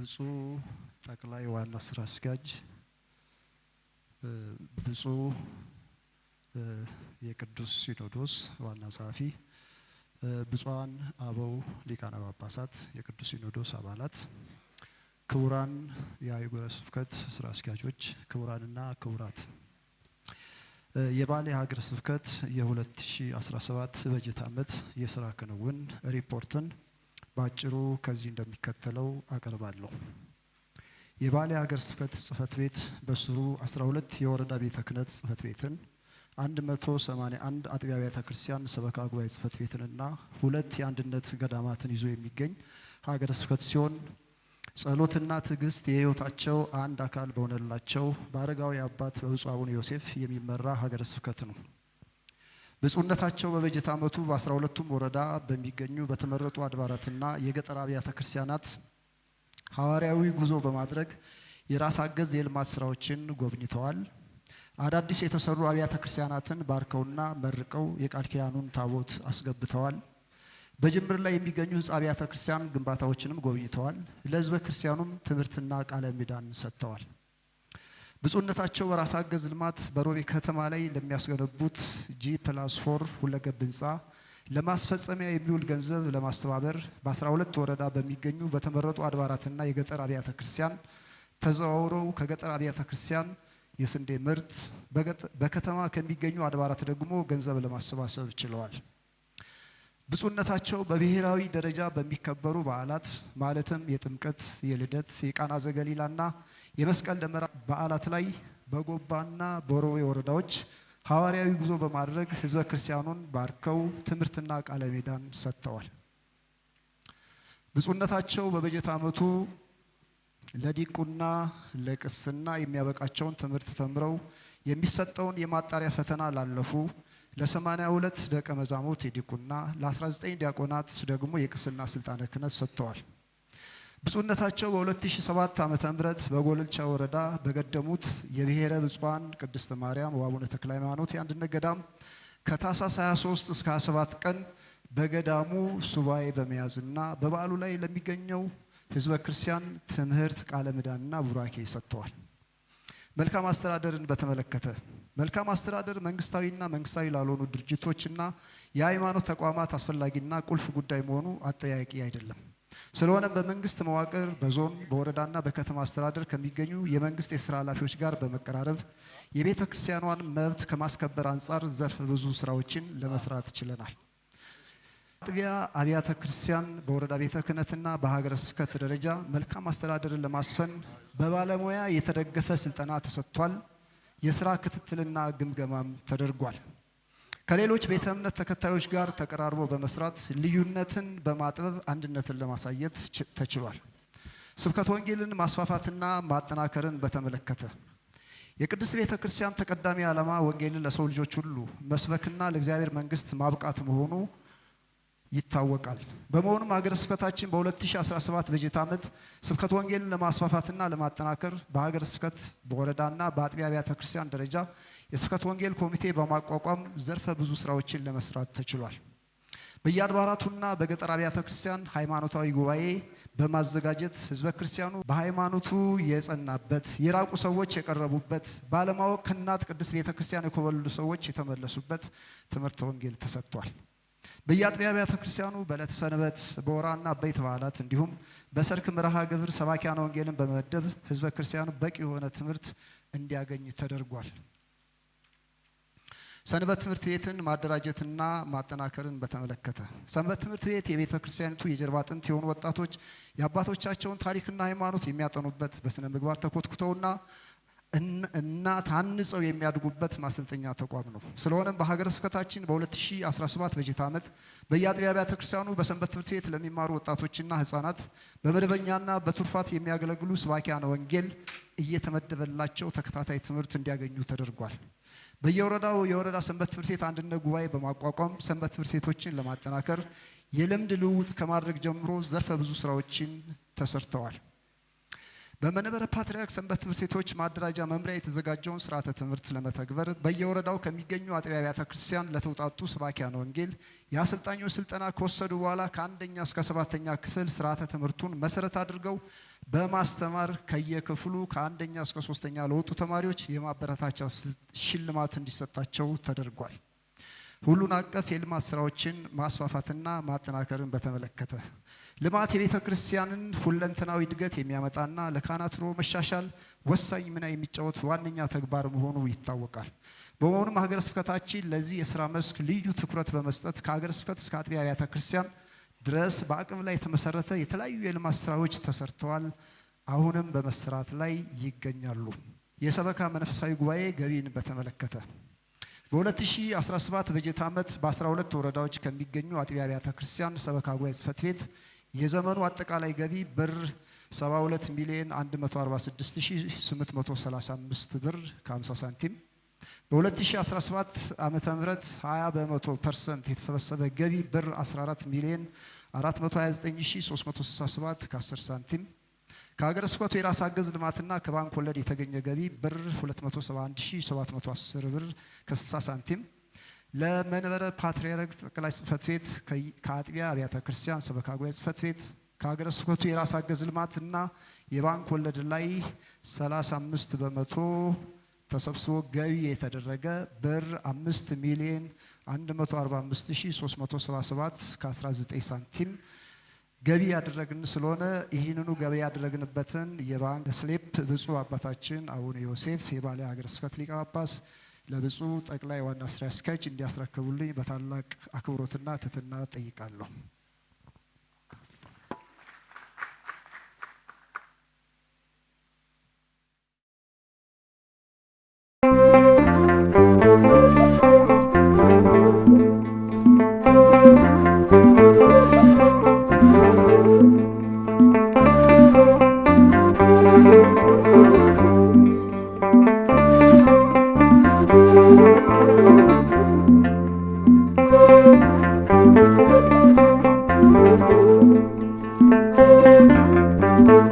ብፁዕ ጠቅላይ ዋና ስራ አስኪያጅ፣ ብፁዕ የቅዱስ ሲኖዶስ ዋና ጸሐፊ፣ ብፁዓን አበው ሊቃነ ጳጳሳት፣ የቅዱስ ሲኖዶስ አባላት፣ ክቡራን የአህጉረ ስብከት ስራ አስኪያጆች፣ ክቡራንና ክቡራት የባሌ ሀገረ ስብከት የ2017 በጀት ዓመት የስራ ክንውን ሪፖርትን ባጭሩ ከዚህ እንደሚከተለው አቀርባለሁ። የባሌ ሀገር ስብከት ጽፈት ቤት በስሩ 12 የወረዳ ቤተ ክህነት ጽፈት ቤትን 181 አጥቢያ ቤተ ክርስቲያን ሰበካ ጉባኤ ጽፈት ቤትንና ሁለት የአንድነት ገዳማትን ይዞ የሚገኝ ሀገረ ስብከት ሲሆን ጸሎትና ትዕግስት የሕይወታቸው አንድ አካል በሆነላቸው በአረጋዊ አባት በብፁዕ አቡነ ዮሴፍ የሚመራ ሀገረ ስብከት ነው። ብፁዕነታቸው በበጀት ዓመቱ በ12ቱም ወረዳ በሚገኙ በተመረጡ አድባራትና የገጠር አብያተ ክርስቲያናት ሐዋርያዊ ጉዞ በማድረግ የራስ አገዝ የልማት ስራዎችን ጎብኝተዋል። አዳዲስ የተሰሩ አብያተ ክርስቲያናትን ባርከውና መርቀው የቃል ኪዳኑን ታቦት አስገብተዋል። በጅምር ላይ የሚገኙ ህንፃ አብያተ ክርስቲያን ግንባታዎችንም ጎብኝተዋል። ለህዝበ ክርስቲያኑም ትምህርትና ቃለ ምዕዳን ሰጥተዋል። ብፁዕነታቸው በራስ አገዝ ልማት በሮቤ ከተማ ላይ ለሚያስገነቡት ጂ ፕላስ ፎር ሁለገብ ህንፃ ለማስፈጸሚያ የሚውል ገንዘብ ለማስተባበር በ12 ወረዳ በሚገኙ በተመረጡ አድባራትና የገጠር አብያተ ክርስቲያን ተዘዋውረው ከገጠር አብያተ ክርስቲያን የስንዴ ምርት በከተማ ከሚገኙ አድባራት ደግሞ ገንዘብ ለማሰባሰብ ችለዋል። ብፁዕነታቸው በብሔራዊ ደረጃ በሚከበሩ በዓላት ማለትም የጥምቀት፣ የልደት፣ የቃና ዘገሊላና የመስቀል ደመራ በዓላት ላይ በጎባና በሮቤ ወረዳዎች ሐዋርያዊ ጉዞ በማድረግ ህዝበ ክርስቲያኑን ባርከው ትምህርትና ቃለ ሜዳን ሰጥተዋል። ብፁዕነታቸው በበጀት ዓመቱ ለዲቁና ለቅስና የሚያበቃቸውን ትምህርት ተምረው የሚሰጠውን የማጣሪያ ፈተና ላለፉ ለ82 ደቀ መዛሙርት የዲቁና ለ19 ዲያቆናት ደግሞ የቅስና ስልጣነ ክህነት ሰጥተዋል። ብፁዕነታቸው በ2007 ዓ ም በጎልልቻ ወረዳ በገደሙት የብሔረ ብፁዓን ቅድስተ ማርያም ወአቡነ ተክለ ሃይማኖት የአንድነት ገዳም ከታሳ 23 እስከ 27 ቀን በገዳሙ ሱባኤ በመያዝና በበዓሉ ላይ ለሚገኘው ህዝበ ክርስቲያን ትምህርት ቃለ ምዕዳንና ቡራኬ ሰጥተዋል። መልካም አስተዳደርን በተመለከተ መልካም አስተዳደር መንግስታዊና መንግስታዊ ላልሆኑ ድርጅቶችና የሃይማኖት ተቋማት አስፈላጊና ቁልፍ ጉዳይ መሆኑ አጠያቂ አይደለም። ስለሆነም በመንግስት መዋቅር በዞን በወረዳና በከተማ አስተዳደር ከሚገኙ የመንግስት የስራ ኃላፊዎች ጋር በመቀራረብ የቤተ ክርስቲያኗን መብት ከማስከበር አንጻር ዘርፈ ብዙ ስራዎችን ለመስራት ችለናል። አጥቢያ አብያተ ክርስቲያን በወረዳ ቤተ ክህነትና በሀገረ ስብከት ደረጃ መልካም አስተዳደርን ለማስፈን በባለሙያ የተደገፈ ስልጠና ተሰጥቷል። የስራ ክትትልና ግምገማም ተደርጓል። ከሌሎች ቤተ እምነት ተከታዮች ጋር ተቀራርቦ በመስራት ልዩነትን በማጥበብ አንድነትን ለማሳየት ተችሏል። ስብከት ወንጌልን ማስፋፋትና ማጠናከርን በተመለከተ የቅድስት ቤተ ክርስቲያን ተቀዳሚ ዓላማ ወንጌልን ለሰው ልጆች ሁሉ መስበክና ለእግዚአብሔር መንግስት ማብቃት መሆኑ ይታወቃል። በመሆኑም ሀገረ ስብከታችን በ2017 በጀት ዓመት ስብከት ወንጌልን ለማስፋፋትና ለማጠናከር በሀገረ ስብከት በወረዳና በአጥቢያ አብያተ ክርስቲያን ደረጃ የስብከት ወንጌል ኮሚቴ በማቋቋም ዘርፈ ብዙ ስራዎችን ለመስራት ተችሏል። በየአድባራቱና በገጠር አብያተ ክርስቲያን ሃይማኖታዊ ጉባኤ በማዘጋጀት ህዝበ ክርስቲያኑ በሃይማኖቱ የጸናበት፣ የራቁ ሰዎች የቀረቡበት፣ ባለማወቅ ከእናት ቅድስት ቤተ ክርስቲያን የኮበለሉ ሰዎች የተመለሱበት ትምህርተ ወንጌል ተሰጥቷል። በየአጥቢያ አብያተ ክርስቲያኑ በዕለተ ሰንበት በወራና በይት በዓላት እንዲሁም በሰርክ መርሃ ግብር ሰባኪያነ ወንጌልን በመመደብ ህዝበ ክርስቲያኑ በቂ የሆነ ትምህርት እንዲያገኝ ተደርጓል። ሰንበት ትምህርት ቤትን ማደራጀትና ማጠናከርን በተመለከተ ሰንበት ትምህርት ቤት የቤተ ክርስቲያኒቱ የጀርባ አጥንት የሆኑ ወጣቶች የአባቶቻቸውን ታሪክና ሃይማኖት የሚያጠኑበት በስነ ምግባር ተኮትኩተውና እና ታንጸው የሚያድጉበት ማሰልጠኛ ተቋም ነው። ስለሆነም በሀገረ ስብከታችን በ2017 በጀት ዓመት በየአጥቢያ አብያተ ክርስቲያኑ በሰንበት ትምህርት ቤት ለሚማሩ ወጣቶችና ህጻናት በመደበኛና በቱርፋት የሚያገለግሉ ስባኪያነ ወንጌል እየተመደበላቸው ተከታታይ ትምህርት እንዲያገኙ ተደርጓል። በየወረዳው የወረዳ ሰንበት ትምህርት ቤት አንድነት ጉባኤ በማቋቋም ሰንበት ትምህርት ቤቶችን ለማጠናከር የልምድ ልውውጥ ከማድረግ ጀምሮ ዘርፈ ብዙ ስራዎችን ተሰርተዋል። በመንበረ ፓትርያርክ ሰንበት ትምህርት ቤቶች ማደራጃ መምሪያ የተዘጋጀውን ስርዓተ ትምህርት ለመተግበር በየወረዳው ከሚገኙ አጥቢያ አብያተ ክርስቲያን ለተውጣጡ ሰባኪያን ወንጌል የአሰልጣኞች ስልጠና ከወሰዱ በኋላ ከአንደኛ እስከ ሰባተኛ ክፍል ስርዓተ ትምህርቱን መሰረት አድርገው በማስተማር ከየክፍሉ ከአንደኛ እስከ ሶስተኛ ለወጡ ተማሪዎች የማበረታቻ ሽልማት እንዲሰጣቸው ተደርጓል። ሁሉን አቀፍ የልማት ስራዎችን ማስፋፋትና ማጠናከርን በተመለከተ ልማት የቤተ ክርስቲያንን ሁለንተናዊ እድገት የሚያመጣና ለካህናት ኑሮ መሻሻል ወሳኝ ሚና የሚጫወት ዋነኛ ተግባር መሆኑ ይታወቃል። በመሆኑም ሀገረ ስብከታችን ለዚህ የስራ መስክ ልዩ ትኩረት በመስጠት ከሀገረ ስብከት እስከ አጥቢያ አብያተ ክርስቲያን ድረስ በአቅም ላይ የተመሰረተ የተለያዩ የልማት ስራዎች ተሰርተዋል፣ አሁንም በመስራት ላይ ይገኛሉ። የሰበካ መንፈሳዊ ጉባኤ ገቢን በተመለከተ በ2017 በጀት ዓመት በ12 ወረዳዎች ከሚገኙ አጥቢያ አብያተ ክርስቲያን ሰበካ ጉባኤ ጽሕፈት ቤት የዘመኑ አጠቃላይ ገቢ ብር 72 ሚሊዮን 146835 ብር ከ50 ሳንቲም በ2017 ዓመተ ምህረት 20 በመቶ ፐርሰንት የተሰበሰበ ገቢ ብር 14 ሚሊዮን 429367 ከ10 ሳንቲም ከሀገረ ስብከቱ የራስ አገዝ ልማትና ከባንክ ወለድ የተገኘ ገቢ ብር 271710 ብር ከ60 ሳንቲም ለመንበረ ፓትርያርክ ጠቅላይ ጽህፈት ቤት ከአጥቢያ አብያተ ክርስቲያን ሰበካ ጉባኤ ጽህፈት ቤት ከሀገረ ስብከቱ የራስ አገዝ ልማትና የባንክ ወለድ ላይ 35 በመቶ ተሰብስቦ ገቢ የተደረገ ብር 5 ሚሊዮን 145377 ከ19 ሳንቲም ገቢ ያደረግን ስለሆነ ይህንኑ ገቢ ያደረግንበትን የባንክ ስሌፕ ብፁዕ አባታችን አቡነ ዮሴፍ የባሌ ሀገረ ስብከት ሊቀ ጳጳስ ለብፁዕ ጠቅላይ ዋና ስራ አስኪያጅ እንዲያስረክቡልኝ በታላቅ አክብሮትና ትህትና ጠይቃለሁ። Thank you.